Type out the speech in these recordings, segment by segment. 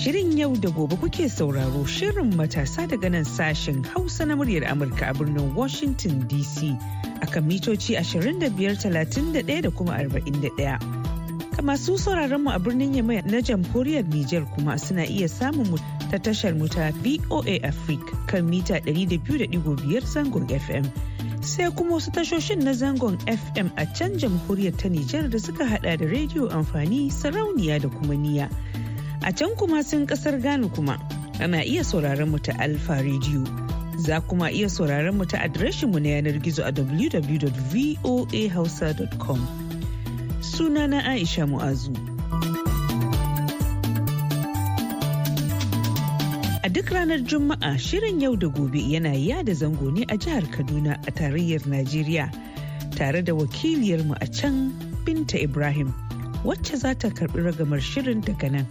Shirin yau da gobe kuke sauraro shirin matasa daga nan sashen Hausa na muryar Amurka a birnin Washington DC a kan mitoci 25,31 da kuma 41. Kama su sauraron mu a birnin Yamai na jamhuriyar Nijar kuma suna iya samun mu ta tashar mu ta BOA Africa kan mita 200.5 zangon FM. Sai kuma wasu tashoshin na zangon FM a can jamhuriyar ta Nijar da suka hada da rediyo amfani sarauniya da kuma niya. A can kuma sun kasar Ghana kuma ana iya sauraron mu ta Alfa Radio. Za kuma iya sauraron mu ta adireshin mu na yanar gizo a www.voahausa.com. na Aisha Mu'azu. A duk ranar Juma'a shirin yau da gobe yana yada zango ne a jihar Kaduna a tarayyar Najeriya tare da wakiliyarmu a can Binta Ibrahim wacce za ta karbi ragamar shirin daga nan.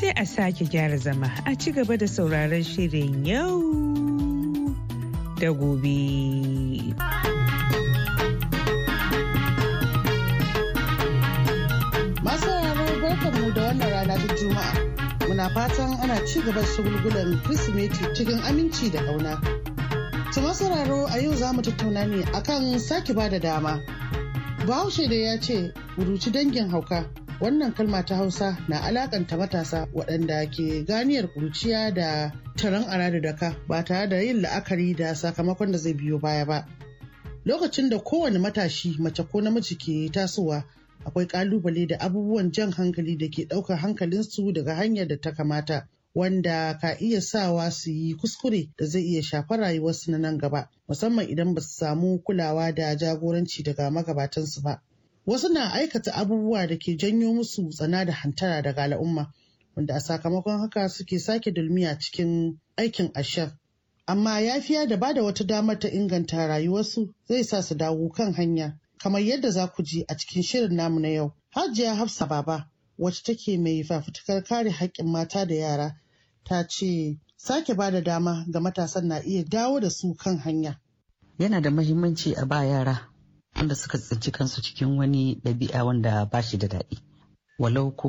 sai a sake gyara zama a ci gaba da sauraron shirin yau da gobe. Masu mu da wannan rana ta Juma'a. Muna fatan ana ci gaba shagulgulan Kirsimeti cikin aminci da kauna. Ta masararo a yau za mu tattauna ne akan sake ba da dama. Bahaushe da ya ce, "Buruci dangin hauka." wannan kalma ta hausa na alakanta matasa waɗanda ke ganiyar kurciya da taron ara da daka ba tare da yin la'akari da sakamakon da zai biyo baya ba lokacin da kowane matashi mace ko namiji ke tasowa akwai kalubale da abubuwan jan hankali da ke ɗaukar hankalinsu daga hanyar da ta kamata wanda ka iya sawa su yi kuskure da zai iya shafar rayuwarsu na nan gaba musamman idan ba su samu kulawa da jagoranci daga magabatansu ba wasu na aikata abubuwa da ke janyo musu tsana da hantara daga al'umma wanda a sakamakon haka suke sake dulmiya cikin aikin ashar amma yafiya da bada wata damar ta inganta rayuwarsu zai sa su dawo kan hanya kamar yadda za ku ji a cikin shirin namu na yau hajiya hafsa baba wacce take mai fafutukar kare haƙƙin mata da yara ta ce sake bada dama ga matasan na iya dawo da su kan hanya yana da muhimmanci a ba yara wanda suka tsinci kansu cikin wani ɗabi'a wanda ba shi da daɗi walau ko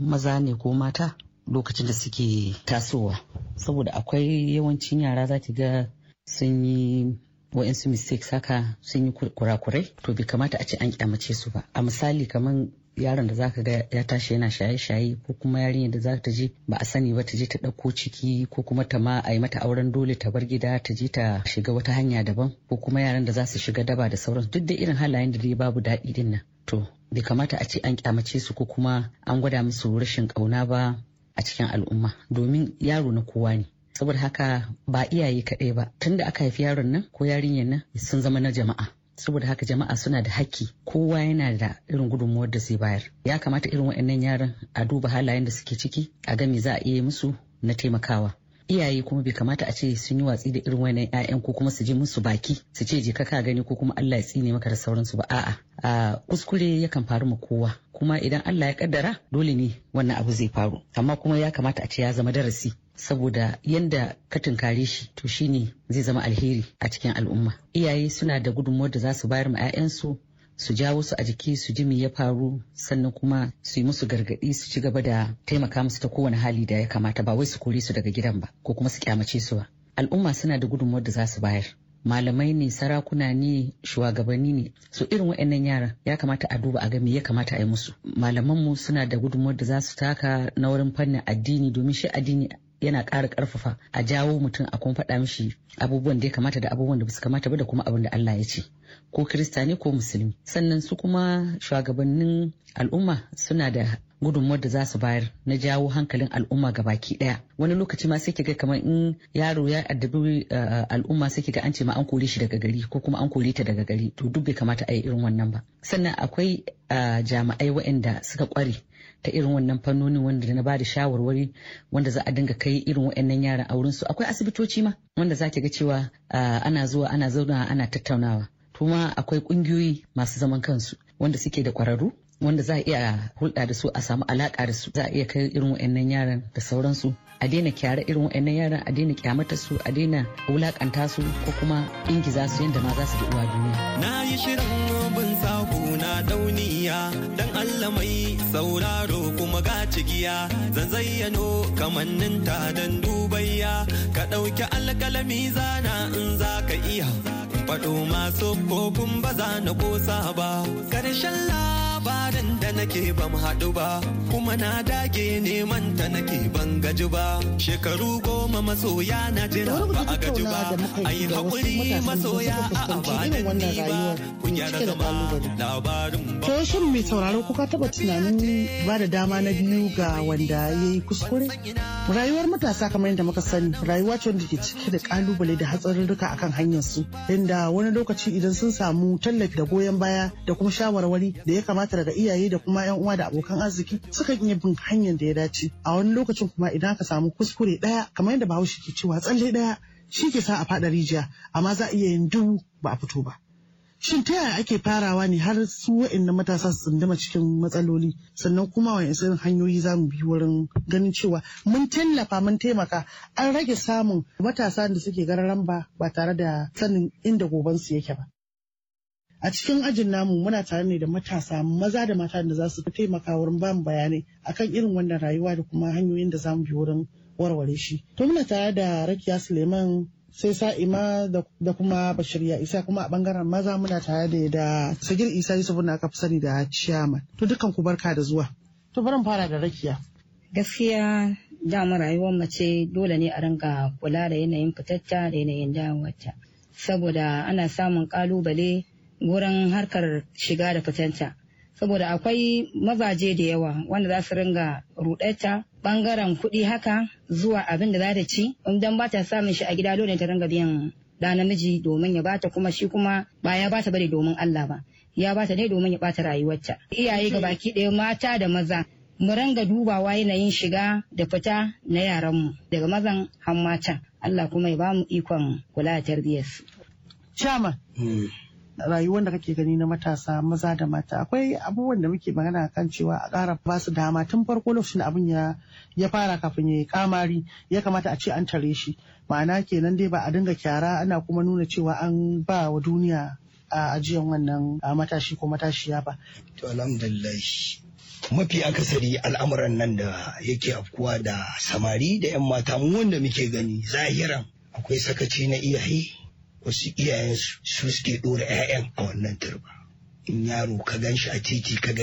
maza ne ko mata lokacin da suke tasowa saboda akwai yawancin yara za ki ga sun yi wa'insu mistakes haka sun yi kurakurai to bai kamata a ce an kyamace su ba a misali kamar yaron da zaka ga ya tashi yana shaye-shaye ko kuma yarinyar da za ta je ba a sani ba ta je ta ɗauko ciki ko kuma ta ma a yi mata auren dole ta bar gida ta je ta shiga wata hanya daban ko kuma yaran da za su shiga daba da sauransu duk da irin halayen da dai babu daɗi din nan to bai kamata a ce an kyamace su ko kuma an gwada musu rashin ƙauna ba a cikin al'umma domin yaro na kowa ne saboda haka ba iyaye kaɗai ba tunda aka haifi yaron nan ko yarinyar nan sun zama na jama'a saboda haka jama'a suna da haƙƙi kowa yana da irin gudunmuwar da zai bayar ya kamata irin waɗannan yaran a duba halayen da suke ciki a ga me za a iya musu na taimakawa iyaye kuma bai kamata a ce sun yi watsi da irin wannan ƴaƴan ko kuma su je musu baki su ce je ka gani ko kuma Allah ya tsine maka da sauransu ba a'a a kuskure yakan faru mu kowa kuma idan Allah ya kaddara dole ne wannan abu zai faru amma kuma ya kamata a ce ya zama darasi saboda yanda ka tunkare shi to shi ne zai zama alheri a cikin al'umma iyaye suna da gudunmuwar da za su bayar ma 'ya'yansu su jawo su a jiki su ji me ya faru sannan kuma su yi musu gargadi su ci gaba da taimaka musu ta kowane hali da ya kamata ba wai su kore su daga gidan ba ko kuma su kyamace su ba al'umma suna da gudunmuwar da za su bayar malamai ne sarakuna ne shugabanni ne so irin waɗannan yaran ya kamata a duba a ga me ya kamata a yi musu malamanmu suna da gudunmuwar da za su taka na wurin fannin addini domin shi addini yana ƙara ƙarfafa a jawo mutum a kuma faɗa mishi abubuwan da ya kamata da abubuwan da ba su kamata ba da kuma abin da Allah ya ce ko kirista ne ko musulmi sannan su kuma shugabannin al'umma suna da gudunmuwar da za su bayar na jawo hankalin al'umma ga baki daya wani lokaci ma sai ga kamar in yaro ya addabi eh, al'umma sai ga an ce ma an kore shi daga gari ko kuma an kore ta daga gari to duk bai kamata a yi irin wannan ba sannan akwai eh, jami'ai waɗanda suka kware ta irin wannan fannonin wanda na bada shawarwari wanda za a dinga kai irin wa'annan yaran a su akwai asibitoci ma wanda za ki ga cewa ana zuwa ana zauna ana tattaunawa kuma akwai ƙungiyoyi masu zaman kansu wanda suke da kwararru wanda za a iya hulɗa da su a samu alaƙa da su za a iya kai irin wa'annan yaran da sauransu a daina kyara irin wa'annan yaran a daina kyamata su a daina wulaƙanta su ko kuma ingiza su yadda ma za su ji uwa duniya. na yi shirin bin sahu na dauniya dan allah mai sauraro soyayya zan zayyano kamannin ta dan dubayya ka ɗauki alƙalami zana in za ka iya faɗo masu kofin ba za na ƙosa ba ƙarshen Ranan da nake ban haɗu ba, kuma na dage neman ta nake ban gaji ba. Shekaru goma masoya na jira ba a gaji ba. yi haƙuri masoya a ni ba. na zama labarin ba. To shin mai sauraro kuka taɓa tunanin ba da dama na biyu ga wanda ya yi kuskure? Rayuwar matasa kamar yadda muka sani rayuwa ce wanda ke cike da kalubale da hatsarurruka akan hanyar su inda wani lokaci idan sun samu tallafi da goyon baya da kuma shawarwari da ya kamata daga iyaye da kuma yan uwa da abokan arziki sukan iya bin hanyar da ya dace a wani lokacin kuma idan aka samu kuskure daya kamar yadda bahaushe ke cewa tsalle daya shi ke sa a faɗa rijiya amma za a iya yin dubu ba a fito ba shin ta yaya ake farawa ne har su wa'annan matasa su tsundama cikin matsaloli sannan kuma wa'in irin hanyoyi za mu bi wurin ganin cewa mun tallafa mun taimaka an rage samun matasa da suke gararan ba ba tare da sanin inda gobansu yake ba a cikin ajin namu muna tare ne da matasa maza da mata da za su taimaka wurin bamu bayanai akan irin wannan rayuwa da kuma hanyoyin da zamu bi wurin warware shi to muna tare da rakiya suleiman sai sa'ima da kuma bashir ya isa kuma a bangaren maza muna tare da da sagir isa yusuf na kafa sani da ciyaman to dukan ku barka da zuwa to barin fara da rakiya gaskiya dama rayuwar mace dole ne a ringa kula da yanayin fitatta da yanayin dawowarta saboda ana samun kalubale Wurin harkar shiga da fitanta saboda akwai mazaje da yawa wanda za su ringa rudata bangaren kuɗi haka zuwa abin da za ta ci idan ba ta samun shi a gida dole ta ringa biyan da namiji domin ya bata kuma shi kuma ba ya bata bane domin Allah ba ya bata ne domin ya bata rayuwarta iyaye ga baki ɗaya mata da maza mu ringa dubawa yanayin shiga da fita na yaranmu daga mazan har matan Allah kuma ya bamu ikon kula da tarbiyyarsu. Chama. Mm. rayuwar da kake gani na matasa maza da mata akwai abubuwan da muke magana kan cewa a ƙara ba su dama tun farko lokacin da abin ya fara kafin ya yi kamari ya kamata a ce an tare shi ma'ana kenan dai ba a dinga kyara ana kuma nuna cewa an ba wa duniya a ajiyan wannan matashi ko matashiya ba. To alhamdulillah mafi akasari al'amuran nan da yake afkuwa da samari da 'yan mata mu wanda muke gani zahiran akwai sakaci na iyaye wasu iyayen su suke ɗora 'ya'yan a wannan turba in yaro ka gan shi a titi ka ga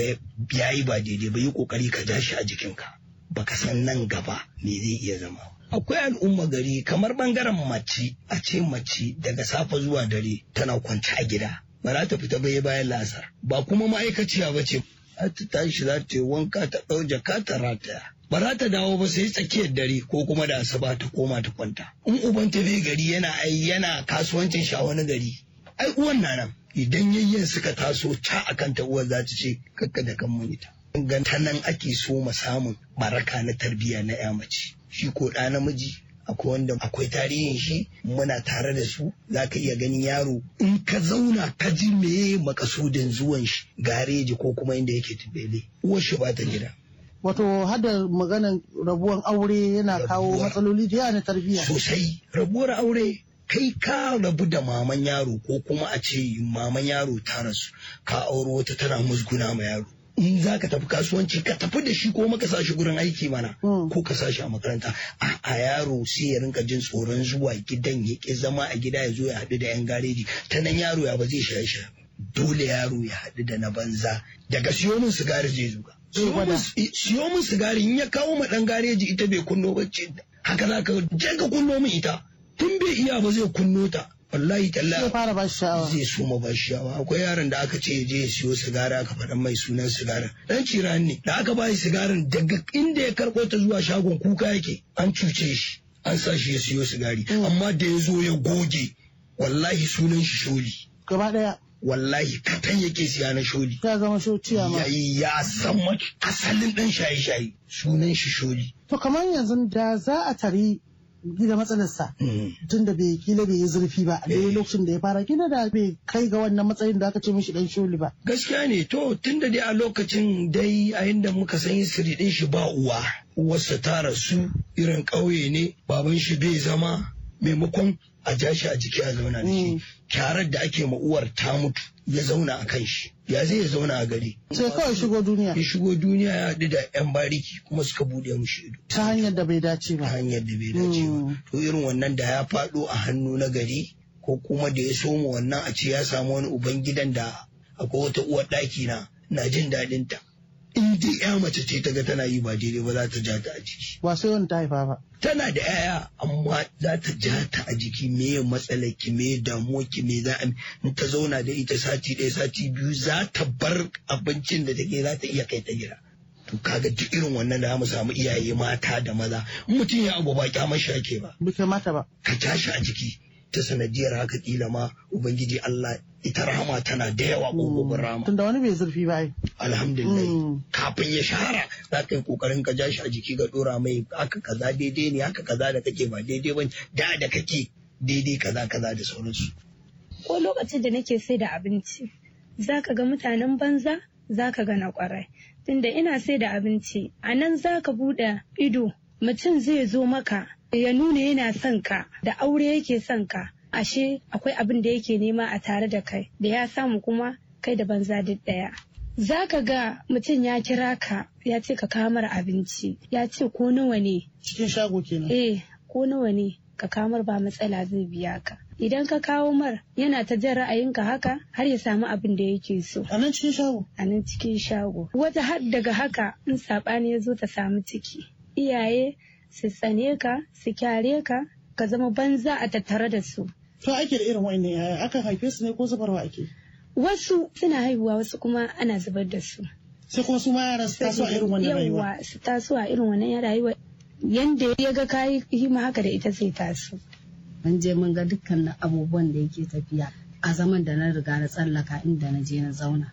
ya yi ba daidai ba yi ƙoƙari ka ja shi a jikinka baka san nan gaba me zai iya zama akwai al'umma gari kamar bangaren mace a ce mace daga safa zuwa dare tana kwance a gida ba za ta fita bayan lasar ba kuma ma'aikaciya ba ce ta tashi za ta yi wanka ta ɗau jaka ta rataya. Ba za ta dawo ba sai tsakiyar dare ko kuma da asuba ta koma ta kwanta. In uban ta zai gari yana ai yana kasuwancin shi a wani gari. Ai uwan na nan idan yayyen suka taso ca a ta uwar za ta ce kakka da kan ita Gan ta nan ake so ma samun baraka na tarbiyya na ya mace. Shi ko ɗa namiji akwai wanda akwai tarihin shi muna tare da su za ka iya ganin yaro in ka zauna ka ji meye makasudin zuwan shi gareji ko kuma inda yake tubele uwar shi ba ta gida wato hadar maganan rabuwan aure yana kawo matsaloli da yana tarbiyya sosai rabuwar aure kai ka rabu da maman yaro ko kuma a ce maman yaro ta rasu ka auro wata tana musguna ma yaro in za ka tafi kasuwanci ka tafi da shi ko maka sashi gurin aiki mana hmm. ko ka sashi a makaranta a yaro sai ya rinka jin tsoron zuwa gidan ya ke zama a gida ya zo ya haɗu da yan gareji ta nan yaro ya ba zai shaye shaye dole yaro ya haɗu da na banza daga siyo min sigari zai zuga eh, siyo min sigari in ya kawo ma ɗan gareji ita bai kunno ba haka za ka je ka kunno min ita tun bai iya ba zai kunno ta wallahi talla fara ba sha'awa zai so ma ba sha'awa akwai yaron da aka ce je ya siyo sigara aka faɗan mai sunan sigara dan ciran ne da aka ba shi sigaran daga inda ya karɓo ta zuwa shagon kuka yake an cuce shi an sa shi ya siyo sigari mm. amma da ya zo ya goge wallahi sunan shi sholi gaba daya wallahi katan yake siya na sholi ya zama shociya ma ya san asalin dan shaye-shaye sunan shi sholi to kamar yanzu da za a tari gida matsalarsa mm. tun da bai kila bai yi zurfi ba da eh. lokacin da ya fara kila da bai kai ga wannan matsayin da aka ce mishi dan sholi ba gaskiya ne to tun da dai a lokacin dai a inda muka san yi din shi ba uwa uwarsa ta rasu irin ƙauye ne baban shi bai zama maimakon a jashi a jiki a zauna da shi hmm. kyarar da ake Uwar ta mutu ya zauna a kan shi ya zai ya zauna a gari sai kawai shigo duniya ya shigo duniya ya haɗu da yan bariki kuma suka buɗe mushi ido ta hanyar da bai dace ba ta hanyar da bai dace ba hmm. to irin wannan da ya faɗo a hannu na gari ko kuma da ya soma wannan a ce ya samu wani uban gidan da akwai wata uwar ɗaki na na jin daɗinta. in ji ya mace ce ta ga tana yi ba daidai ba za ta ja ta a jiki. Ba sai wani ta haifa ba. Tana da yaya amma za ta ja ta a jiki me ya ki me ya damuwa ki me za in ta zauna da ita sati ɗaya sati biyu za ta bar abincin da take za ta iya kai ta gida. To kaga duk irin wannan da mu samu iyaye mata da maza mutum ya abu ba kyamar shi ake ba. mutum mata ba. Ka tashi a jiki ta sanadiyar haka kila ma Ubangiji Allah ita rahama tana da yawa ƙofofin mm. rahama. Tunda wani bai zurfi ba Alhamdulillah. Mm. Kafin ya shahara za ka yi kokarin ka ja shi a jiki ga ɗora mai haka kaza daidai ne haka kaza da kake ba daidai ba da da kake daidai kaza kaza da sauransu. Ko lokacin da nake sai da abinci za ka ga mutanen banza za ka ga na kwarai Tunda ina sai da abinci a nan za ka buɗe ido mutum zai zo maka ya nuna yana son ka da aure yake son ka. ashe akwai abin da yake nema a tare da kai da ya samu kuma kai da banza duk ɗaya. Za ka ga mutum ya kira ka ya ce ka kamar abinci ya ce ko nawa ne. Cikin shago kenan. Eh ko nawa ne ka kamar ba matsala zai biya ka. Idan ka kawo mar yana ta jan ra'ayinka haka har ya samu abin da yake so. A nan cikin shago? A nan cikin shago. Wata har daga haka in saɓani ya zo ta samu ciki. Iyaye su tsane ka su kyare ka ka zama banza a tattare da su. to ake da irin wa'in yaya akan haife su ne ko zubarwa ake wasu suna haihuwa wasu kuma ana zubar da su sai kuma su ma yara su taso a irin wannan rayuwa yawa su taso a irin wannan rayuwa yanda ya ga yi hima haka da ita sai taso mun je mun ga dukkanin abubuwan da yake tafiya a zaman da na riga na tsallaka inda na je na zauna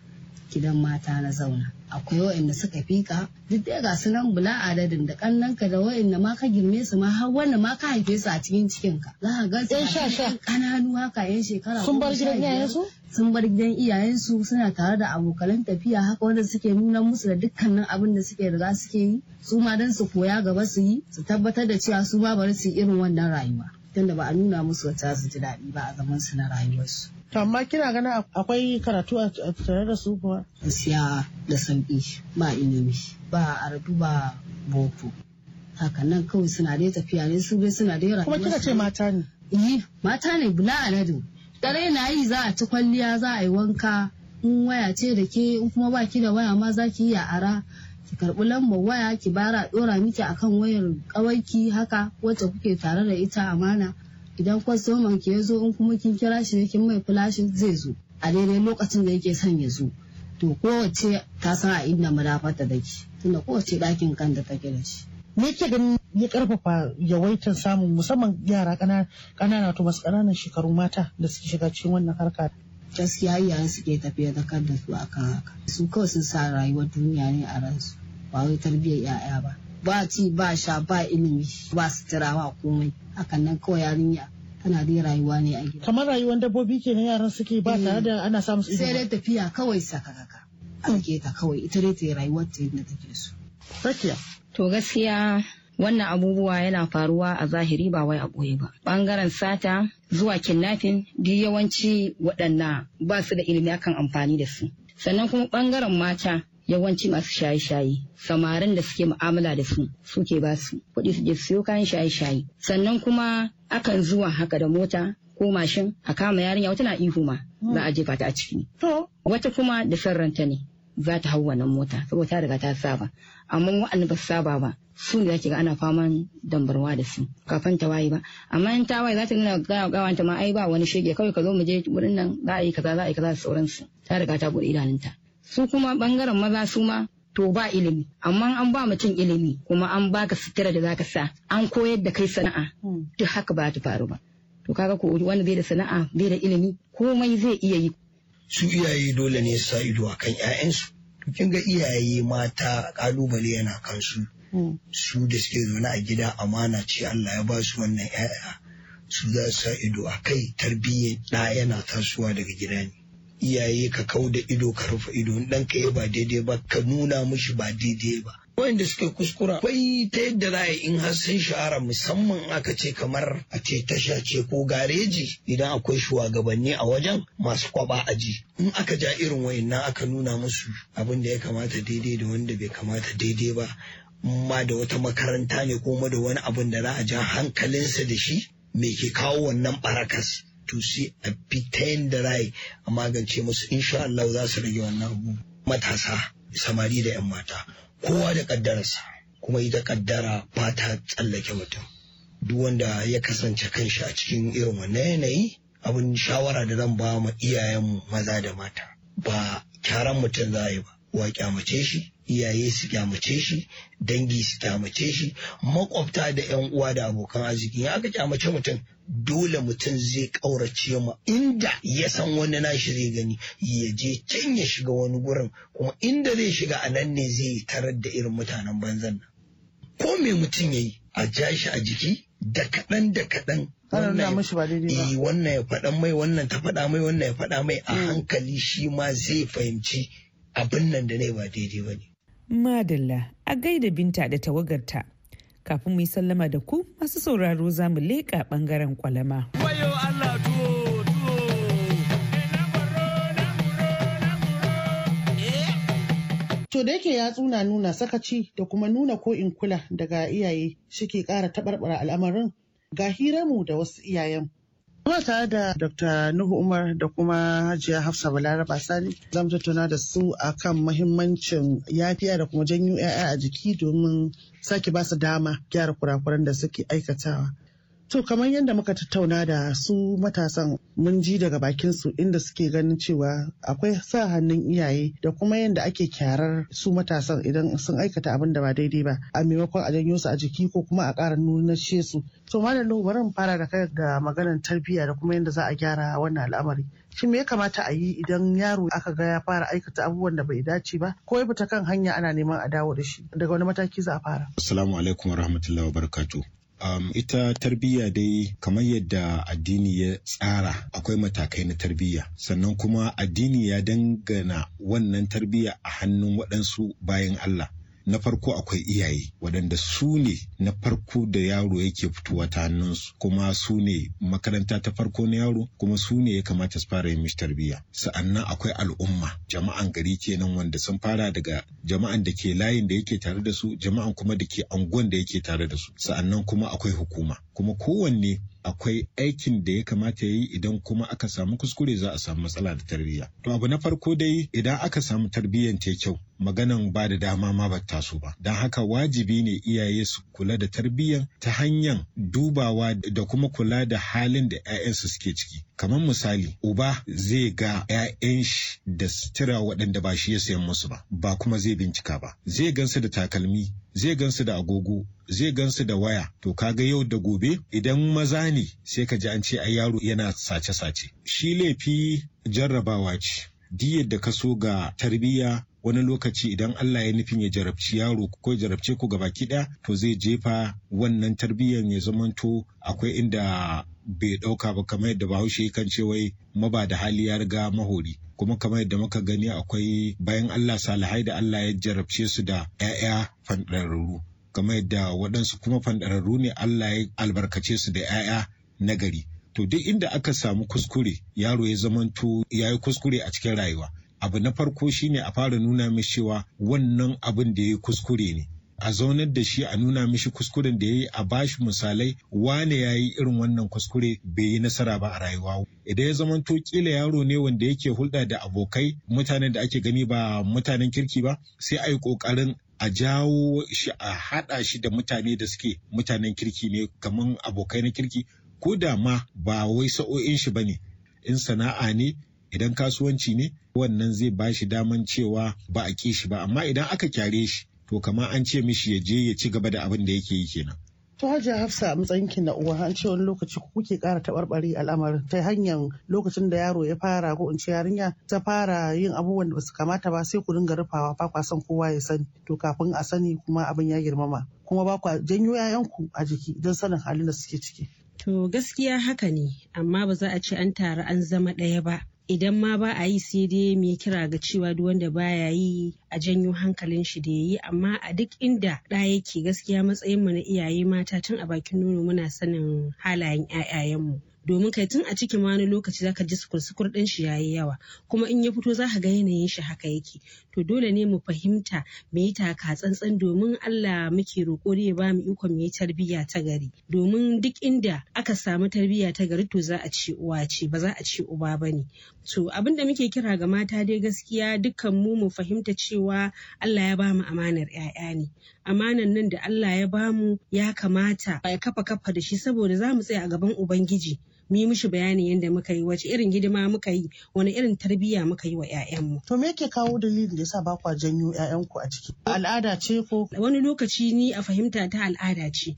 gidan mata na zauna akwai wa'anda suka fika duk dai ga nan bula adadin da ka da wa'anda ma ka girme su ma har wanda ma ka haife su a cikin cikin ka za ka ga kananu haka yan shekara sun bar gidan iyayensu sun bar gidan iyayensu suna tare da abokan tafiya haka wanda suke nuna musu da dukkanin abin da suke riga suke yi su ma dan su koya gaba su yi su tabbatar da cewa su ma bari su irin wannan rayuwa tunda ba a nuna musu wacce su ji daɗi ba a zaman su na rayuwarsu To amma kina ganin akwai karatu a tare da su kuwa? Gaskiya da sauƙi ba ilimi ba ardu ba boko. Haka nan kawai suna dai tafiya ne su dai suna dai rayuwa. Kuma kika ce mata ne? Iyi eh, mata ne bula aladin. Dare na yi za a ci kwalliya za a yi wanka in waya ce da ke in kuma ba ki da waya ma za ki yi a ara. ki karɓi lambar waya ki bara ɗora miki akan wayar ƙawarki haka wacce kuke tare da ita amana idan kwastoman ki zo in kuma kin kira shi ne kin mai flashin zai zo a daidai lokacin da yake son ya zo to kowace ta san a inda madafarta da ke tunda kowace ɗakin da take da shi. Me ke ganin ya karfafa yawaitar samun musamman yara ƙanana to masu kananan shekaru mata da suke shiga cikin wannan harka. Gaskiya iyayen suke tafiya da kan da su akan haka. Su kawai sun sa rayuwar duniya ne a ransu ba wai tarbiyyar 'ya'ya ba. ba ci ba sha ba ilimi ba sutura ba komai hakan nan kawai yarinya tana dai rayuwa ne a gida kamar rayuwar dabbobi ke na yaran suke ba eh, tare da ana samu su sai dai tafiya kawai sakakaka ake ta kawai ita dai ta yi rayuwar ta yadda take so Sakiya. To gaskiya wannan abubuwa yana faruwa a zahiri ba wai a ɓoye ba. Bangaren sata zuwa kidnapping duk yawanci waɗanna ba su da ilimi akan amfani da su. Sannan kuma bangaren mata yawanci masu shaye-shaye samarin da suke mu'amala da su suke ba su kuɗi su je su siyo kayan shaye-shaye sannan kuma akan zuwa haka da mota ko mashin a kama yarinya wata na ihu ma hmm. za a jefa ta a ciki to wata kuma da sarranta ne za ta hau wannan mota saboda ta riga ta saba amma waɗanda ba su saba ba su ne zaki ga ana faman dambarwa da su kafin ta waye ba amma in ta waye za ta nuna gawanta ma ai ba wani shege kawai ka zo mu je wurin nan za a yi kaza za a yi kaza da sauransu ta riga ta bude idanunta su kuma bangaren maza su ma to ba ilimi amma an ba mutum ilimi kuma an baka sutura da zaka sa an koyar da kai sana'a hmm. duk haka ba ta faru ba to kaga ko wanda bai da sana'a bai da ilimi komai zai iya yi su iyaye dole ne sa ido akan ƴaƴansu to kin ga iyaye mata kalubale yana kansu hmm. su da suke zaune a gida amana ce Allah ya ba su wannan ƴaƴa su za su sa ido a kai tarbiyyar ɗa yana tasowa daga gida ne iyaye ka kau da ido ka rufe ido in ka yi ba daidai ba ka nuna mushi ba daidai ba wanda suka kuskura akwai ta yadda za a in har sun shahara musamman aka ce kamar a ce tasha ce ko gareji idan akwai shugabanni a wajen masu kwaba ji. in aka ja irin wayannan aka nuna musu abin da ya kamata daidai da wanda bai kamata daidai ba ma da wata makaranta ne ko da wani abin da za a ja hankalinsa da shi me ke kawo wannan barakas to sai a fita yin da rai a magance musu insha Allah za su rage wannan abu matasa samari da yan mata kowa da kaddararsa kuma ita kaddara ba ta tsallake mutum duk wanda ya kasance kanshi a cikin irin wannan yanayi abin shawara da zan ba mu iyayen maza da mata ba kyaran mutum za a yi ba wa kyamace shi iyaye su kyamace shi dangi su kyamace shi makwabta da yan uwa da abokan arziki ya aka kyamace mutum dole mutum zai ƙaurace ma inda ya san wani nashi zai gani ya je can ya shiga wani gurin kuma inda zai shiga a nan ne zai tarar da irin mutanen banzan nan ko me mutum ya yi a ja shi a jiki da kaɗan da kaɗan eh, wannan ya faɗa mai wannan ta faɗa mai wannan ya faɗa mai a hmm. hankali shi ma zai fahimci abin nan da ne ba daidai ba ne. Madalla a gaida binta da tawagarta kafin mu yi sallama da ku masu sauraro za mu leƙa ɓangaren kwalama. To da yake yatsu na nuna sakaci da kuma nuna ko in kula daga iyaye ke ƙara taɓarɓara al'amarin ga mu da wasu iyayen. Kuma tare da Dr. Nuhu Umar da kuma Hajiya Hafsa Balaraba Sani zamu tattauna da su akan mahimmancin yafiya da kuma janyo 'ya'ya a jiki domin sake ba su dama gyara kurakuran da suke aikatawa To kamar yadda muka tattauna da su matasan mun ji daga bakin su inda suke ganin cewa akwai sa hannun iyaye da kuma yadda ake kyarar su matasan idan sun aikata abin da ba daidai ba a maimakon a janyo su a jiki ko kuma a ƙara nuna su. To malam Nuhu bari mu fara da kai da maganar tarbiyya da kuma yadda za a gyara wannan al'amari. Shin me ya kamata a yi idan yaro aka ga ya fara aikata abubuwan da bai dace ba ko ya kan hanya ana neman a dawo da shi daga wani mataki za a fara. Assalamu alaikum wa wa wabarakatuh. Um, ita tarbiyya dai kamar yadda addini ya tsara akwai matakai na tarbiyya sannan kuma addini ya dangana wannan tarbiyya a hannun waɗansu bayan Allah na farko akwai iyaye waɗanda su ne na farko da yaro yake fitowa ta hannunsu kuma su ne makaranta ta farko na yaro kuma su ne ya kamata su fara yin mishi tarbiyya sa'annan akwai al'umma jama'an gari kenan wanda sun fara daga jama'an da ke layin da yake tare da su jama'an kuma da ke anguwan da yake tare da su sa'annan kuma akwai hukuma kuma kowanne akwai aikin da ya kamata ya yi idan kuma aka samu kuskure za a samu matsala da tarbiyya. To abu na farko dai idan aka samu tarbiyyan ta kyau maganan ba da dama ma ba taso ba. Don haka wajibi ne iyaye su kula da tarbiyyan ta hanyar dubawa da kuma kula da halin da 'ya'yansu suke ciki. Kamar misali, uba zai ga 'ya'yan shi da sutura waɗanda ba shi ya sayan musu ba, ba kuma zai bincika ba. Zai gansu da takalmi zai gansu da agogo zai gansu da waya to kaga yau da gobe idan maza ne sai ka ji an ce ai yaro yana sace-sace shi laifi jarrabawa ce diyar da ka so ga tarbiyya wani lokaci idan Allah ya nufin ya jarabci yaro ko jarabce ku gabaki ɗaya to zai jefa wannan tarbiyyar ya zamanto akwai inda bai ɗauka ba kamar yadda bahaushe kan ce wai maba da hali ya riga mahori kuma kamar yadda muka gani akwai bayan Allah salihai da Allah ya jarabce su da 'ya'ya fanɗararru kamar yadda waɗansu kuma fanɗararru ne Allah ya albarkace su da 'ya'ya nagari to duk inda aka samu kuskure yaro ya zamanto ya yi kuskure a cikin rayuwa abu na farko shine a fara nuna mishi cewa wannan abin da ya yi kuskure ne a zaunar da shi a nuna mishi kuskuren da ya yi a bashi misalai wane ya yi irin wannan kuskure bai yi nasara ba a rayuwa idan ya zama to kila yaro ne wanda yake hulɗa da abokai mutanen da ake gani ba mutanen kirki ba sai a yi ƙoƙarin a jawo shi a haɗa shi da mutane da suke mutanen kirki ne kamar abokai na kirki ko da ma ba wai sa'o'in shi ba ne in sana'a ne idan kasuwanci ne wannan zai bashi daman cewa ba a ƙi shi ba amma idan aka kyare shi to kamar an ce mishi ya je ya ci gaba da abin da yake yi kenan To Hajiya Hafsa a matsayin ki na uwa an ce wani lokaci ku kuke ƙara taɓarɓare al'amarin ta hanyar lokacin da yaro ya fara ko in ce yarinya ta fara yin abubuwan da basu kamata ba sai ku dinga rufawa ba kwa son kowa ya sani to kafin a sani kuma abin ya girmama kuma ba kwa janyo 'ya'yanku a jiki don sanin halin da suke ciki. To gaskiya haka ne amma ba za a ce an taru an zama ɗaya ba idan ma ba a yi sai dai mai kira ga cewa duk wanda baya yi a janyo hankalin shi da yi, amma a duk inda ɗa yake gaskiya matsayin mu na iyaye mata tun a bakin nono muna sanin halayen 'ya'yayenmu domin kai tun a cikin wani lokaci zaka ji sukur sukur din shi yayi yawa kuma in ya fito zaka ga yanayin shi haka yake to dole ne mu fahimta mu yi taka tsantsan domin Allah muke roƙo da ya ba mu ikon mu yi tarbiyya ta gari domin duk inda aka samu tarbiyya ta gari to za a ce uwa ce ba za a ce uba ba ne to abin da muke kira ga mata dai gaskiya dukkan mu mu fahimta cewa Allah ya ba mu amanar 'ya'ya ne amanan nan da Allah ya bamu ya kamata ba ya kafa kafa da shi saboda za mu tsaya a gaban Ubangiji mu mishi bayanin yadda muka yi wace irin gidima muka yi wani irin tarbiyya muka yi wa 'ya'yanmu. To me yake kawo dalilin da yasa ba kwa janyo 'ya'yanku a ciki? Al'ada ce ko? Wani lokaci ni a fahimta ta al'ada ce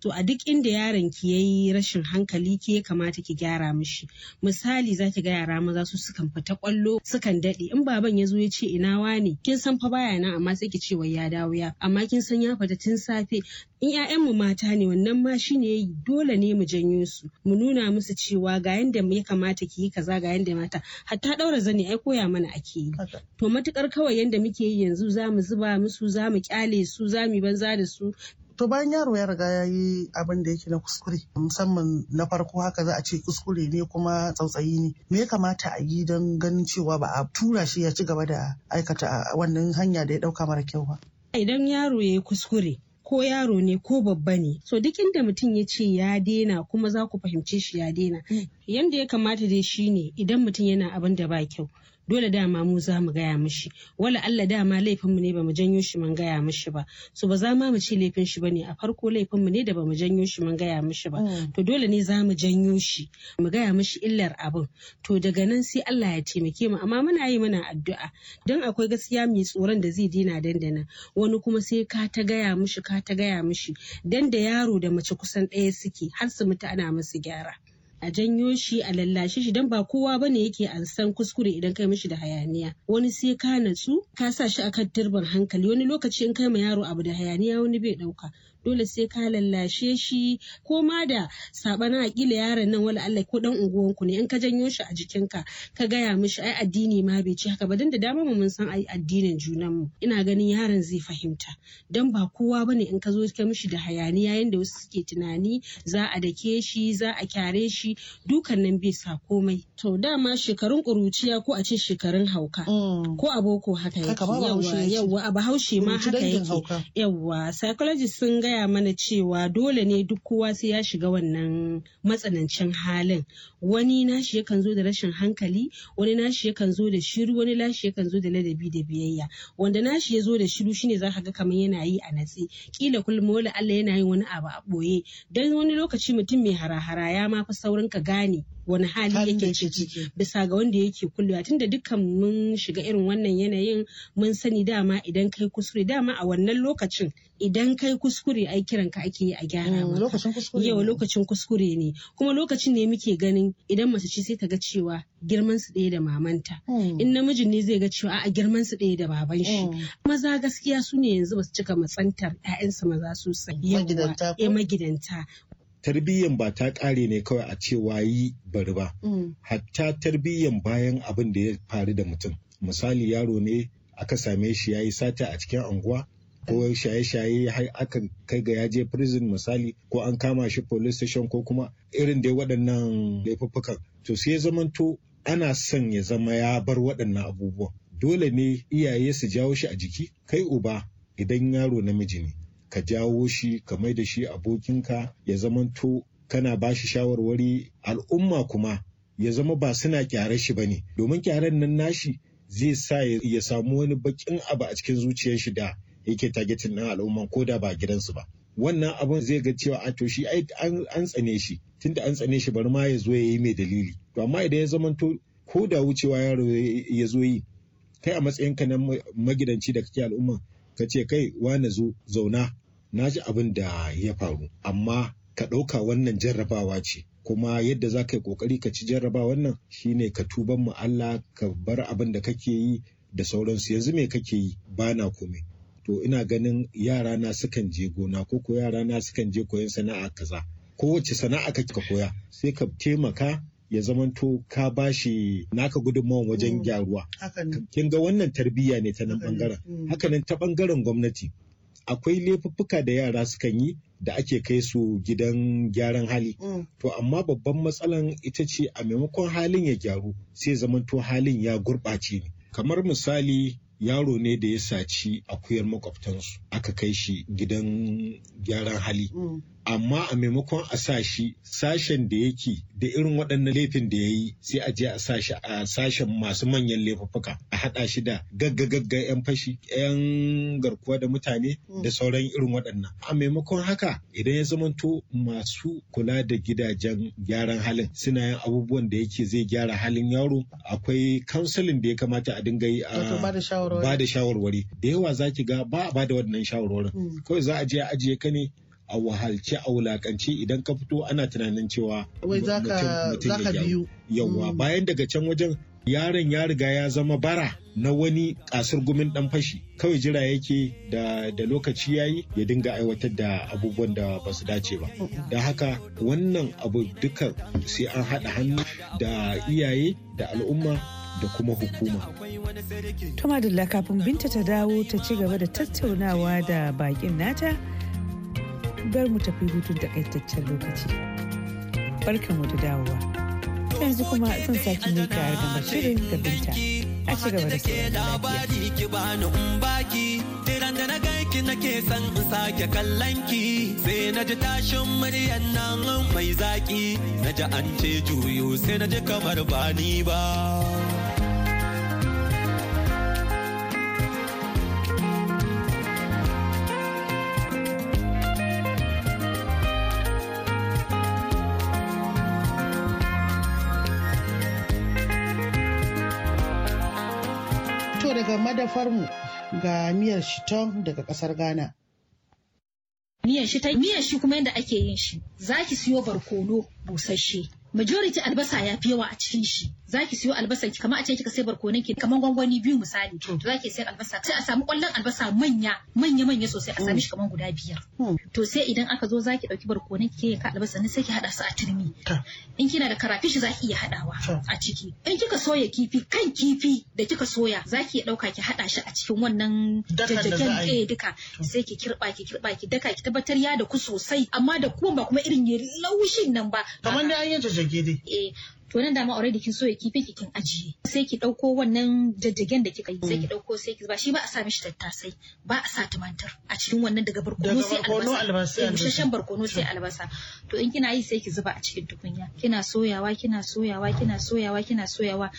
to a duk inda yaron ki yayi rashin hankali ki ya kamata ki gyara mishi misali za ki ga yara maza su sukan fita kwallo sukan dade in baban ya zo ya ce ina wane kin san fa baya nan amma sai ki ce wai ya dawo ya amma kin san ya fita tun safe in mu mata ne wannan ma shine dole ne mu janyo su mu nuna musu cewa ga yanda ya kamata ki yi kaza ga yanda mata hatta daura zani ai koya mana ake yi to matukar kawai yanda muke yi yanzu za mu zuba musu za mu kyale su za mu banza da su to bayan yaro ya riga ya yi abin da yake na kuskure musamman na farko haka za a ce kuskure ne kuma tsautsayi ne me ya kamata a yi don ganin cewa ba a tura shi ya ci gaba da aikata wannan hanya da ya dauka mara kyau ba idan yaro ya yi kuskure ko yaro ne ko babba ne so duk inda mutum ya ce ya daina kuma za ku fahimce shi ya daina mm. yanda ya kamata dai shine idan mutum yana abin da ba kyau dole dama mu za mu gaya mishi wala Allah dama laifin mu ne bamu janyo shi mun gaya mishi ba so ba za mu ce laifin shi bane a farko laifin mu ne da bamu janyo shi mun gaya mishi ba mm. to dole ne za mu janyo shi mu gaya mishi illar abin to daga nan sai Allah ya taimake mu amma muna yi muna addu'a dan akwai gaskiya mai tsoron da zai dina dandana wani kuma sai ka ta gaya mishi ka ta gaya mishi dan da yaro da mace kusan ɗaya suke har su mutu ana musu gyara a janyo shi a lallashe shi don ba kowa ba ne yake ansan kuskure idan kai mishi da hayaniya wani sai ka natsu ka sa shi a kan turban hankali wani lokaci in kai ma yaro abu da hayaniya wani bai dauka dole sai ka lallashe shi ko ma da a akila yaron nan wala Allah ko dan unguwan ku ne in ka janyo shi a jikin ka ka gaya mishi ai addini ma bai ci haka ba dan da dama mu mun san ai addinin junan mu ina ganin yaron zai fahimta dan ba kowa bane in ka zo ka mishi da hayaniya yanda wasu suke tunani za a dake shi za a kyare shi dukan nan bai sa komai to dama shekarun ƙuruciya ko a ce shekarun hauka mm. ko a haka yake yawwa a bahaushe ma haka yake yawwa psychologist sun gaya gaya mana cewa dole ne duk kowa sai ya shiga wannan matsanancin halin wani nashi yakan zo da rashin hankali wani nashi yakan zo da shiru wani nashi yakan zo da ladabi da biyayya wanda nashi ya zo da shiru shine za ka ga kamar yana yi a natse kila kullum wala Allah yana yin wani abu a boye dan wani lokaci mutum mai harahara ya ma fa saurin ka gane wani hali yake ciki bisa ga wanda yake kullewa tunda dukkan mun shiga irin wannan yanayin mun sani dama idan kai kuskure dama a wannan lokacin idan kai kuskure ai kiran ka ake yi a gyara mm, maka yau lokacin kuskure ne kuma lokacin ne muke ganin idan mace ce sai ta ga cewa girman su ɗaya da mamanta mm. in namijin ne zai ga cewa a girman su ɗaya da baban shi mm. maza gaskiya su ne yanzu ba su cika matsantar ƴaƴansu maza sosai magidanta tarbiyyan ba ta ƙare ne kawai a cewa yi bari ba mm. hatta tarbiyyan bayan abin da ya faru da mutum misali yaro ne aka same shi ya yi sata a cikin anguwa ko shaye-shaye har aka kai ga yaje prison misali ko an kama shi police station ko kuma irin dai waɗannan laifuffukan to sai zamanto ana son ya zama ya bar waɗannan abubuwan dole ne iyaye su jawo shi a jiki kai uba idan yaro namiji ne ka jawo shi ka mai da shi abokinka ya zamanto kana ba shi shawarwari al'umma kuma ya zama ba suna kyare shi ba ne domin kyaren nan nashi zai sa ya samu wani bakin abu a cikin zuciyar shi da yake targetin ɗin al'umma ko da ba gidansu ba wannan abun zai ga cewa a to shi an tsane shi tunda an tsane shi bari ma ya zo ya yi mai dalili to amma idan ya zamanto ko da wucewa yaro ya zo yi kai a matsayinka na magidanci da kake al'umma ka ce kai wane zo zauna na ji abin da ya faru amma ka ɗauka wannan jarrabawa ce kuma yadda za ka yi ƙoƙari ka ci jarraba wannan shine ka tuban mu Allah ka bar abin da kake yi da sauransu yanzu me kake yi ba na komai to ina ganin yara na sukan je gona ko ko yara na sukan je koyon sana'a kaza kowace sana'a ka koya sai ka taimaka ya zamanto ka bashi naka gudunmawan wajen mm. gyaruwa kin ga wannan tarbiyya ne ta nan bangaren mm. hakanan ta bangaren gwamnati akwai laifuffuka da yara sukan yi da ake kai su gidan gyaran hali. Mm. To amma babban matsalan ita ce a maimakon halin ya gyaru sai zamanto halin ya gurɓace ne. Kamar misali yaro ne da ya saci akuyar makwabtansu aka kai shi gidan gyaran hali. amma a maimakon a sa shi sashen da yake da irin waɗannan laifin da ya yi sai a je a sa shi a sashen masu manyan laifuffuka a haɗa shi da gaggagagga 'yan fashi 'yan garkuwa da mutane mm. da sauran irin waɗannan a maimakon haka idan ya zamanto masu kula da gidajen gyaran halin suna yin abubuwan da yake zai gyara halin yaro akwai kansulin da ya kamata a dinga yi a ba da shawarwari da yawa za ki ga ba a ba da waɗannan shawarwarin mm. kawai za a je a ajiye ka ne a wahalce a wulakance idan ka fito ana tunanin cewa mutum biyu yawa mm. bayan daga can wajen yaron ya riga ya zama bara na wani kasar gumin dan fashi kawai jira yake da, lokaci yayi ya dinga aiwatar da abubuwan da ba su dace ba da haka wannan abu duka sai an haɗa hannu da iyaye da al'umma da kuma hukuma. Tuma kafin binta ta dawo ta ci gaba da tattaunawa da bakin nata bar mu tafi hutun takaitaccen lokaci. Barka mu da dawowa. Yanzu kuma zan sake mika da mashirin da binta. A ci gaba da sauran ki nake san in sake kallon ki sai na ji tashin muryan nan mai zaki na ji an ce juyo sai na ji kamar ba ni ba. mu ga miyar shiton daga kasar Ghana. Miyar shi ta miyar shi kuma yadda ake yin shi. Za ki siyo barkono busasshe. Majority albasa ya fi yawa a cikin shi. Za ki siyo albasar ki kamar a ce kika sai barkonan ki kamar gwangwani biyu misali hmm. to za ki sai albasa sai a samu kwallon albasa manya manya manya sosai a sami shi hmm. kamar guda biyar hmm. to sai idan aka zo zaki dauki barkonan ki ka albasa ne sai ki hada su a turmi in kina da karafish ki iya hadawa a ciki in kika soya kifi kan kifi da kika soya zaki iya dauka ki hada shi a cikin wannan jajjagen eh duka sai ki kirba ki kirba ki daka ki tabbatar ya da ku sosai amma da kuma ba kuma irin ya laushin nan ba kamar da an yi jajjage dai eh to nan dama already kin soya kifin ki kin ajiye sai ki dauko wannan jajjagen da kika yi sai ki dauko mm. sai ki ba shi ba a sa mishi tattasai ba a sa tumatir a cikin wannan daga barkono sai albasa eh, busasshen barkono sai albasa to in kina yi sai ki zuba a cikin tukunya kina soyawa kina soyawa kina soyawa kina soyawa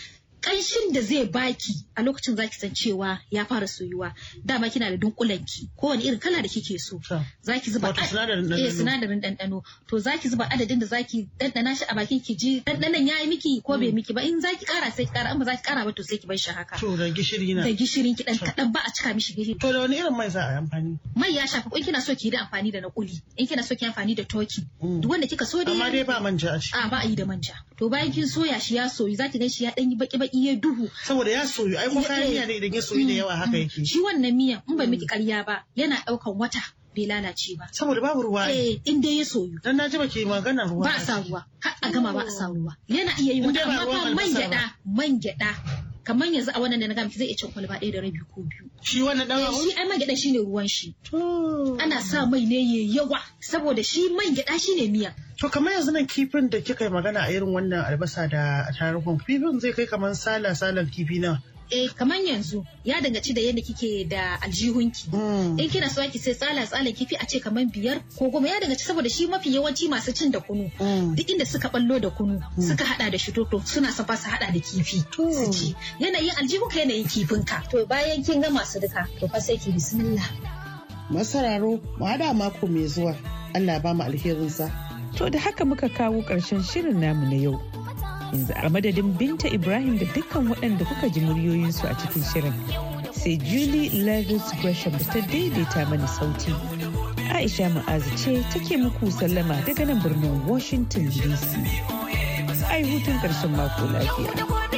kanshin da zai baki a lokacin zaki san cewa ya fara soyuwa dama kina da dunkulanki wani irin kala da kike so zaki zuba eh sinadarin dandano to zaki zuba adadin da zaki dandana shi a bakin ki ji dandanan yayi miki ko bai hmm. miki ba in zaki kara sai ki kara amma zaki kara ba to sai ki bar shi haka to da gishiri na da gishirin ki dan kadan ba a cika mishi gishiri to da wani irin mai za a amfani mai ya shafa in kina so ki yi da amfani da na kuli in kina so ki amfani da toki hmm. duk wanda kika so dai amma dai ba manja a ciki a ba a yi da manja to bayan kin soya shi ya soyu zaki gan shi ya dan yi baki iya duhu saboda ya soyu ai kuma kayan miya ne idan ya soyu da yawa haka mm. yake shi wannan miya in bai mm. miki ƙarya ba yana ɗaukan wata bai lalace ba saboda babu ruwa eh in dai ya soyu dan naji ba ke magana ruwa ba a sa ruwa har a gama ba a sa ruwa yana iya yi wata amma man gyada man gyada kamar yanzu a wannan da na gama zai iya cin kwalba ɗaya da rabi ko biyu shi wannan ɗan abu eh, shi ai man shi shine ruwan shi ana sa mai ne ya yawa saboda shi man gyada ne miya to kamar yanzu nan kifin da kika yi magana a irin wannan albasa da tarihon kifin zai kai kamar sala salan kifi na eh kamar yanzu ya danganci da yadda kike da aljihunki mm. in kina so ki sai tsala tsala kifi a ce kamar biyar ko goma ya danganci saboda shi mafi yawanci masu cin da kunu mm. duk inda suka ballo da kunu mm. suka hada da shitoto suna son su hada da kifi su ci yanayin aljihunka yanayin kifinka to bayan kin ga masu duka to fa sai ki bismillah masararo ma da mako mai zuwa Allah ba mu alherinsa to da haka muka kawo ƙarshen shirin namu na yau a madadin binta ibrahim da dukkan waɗanda kuka ji muryoyinsu a cikin shirin sai julie lagos gresham da ta daidaita mani sauti aisha ma'azu ce take muku sallama daga nan birnin washington dc ai hutun ƙarshen mako lafiya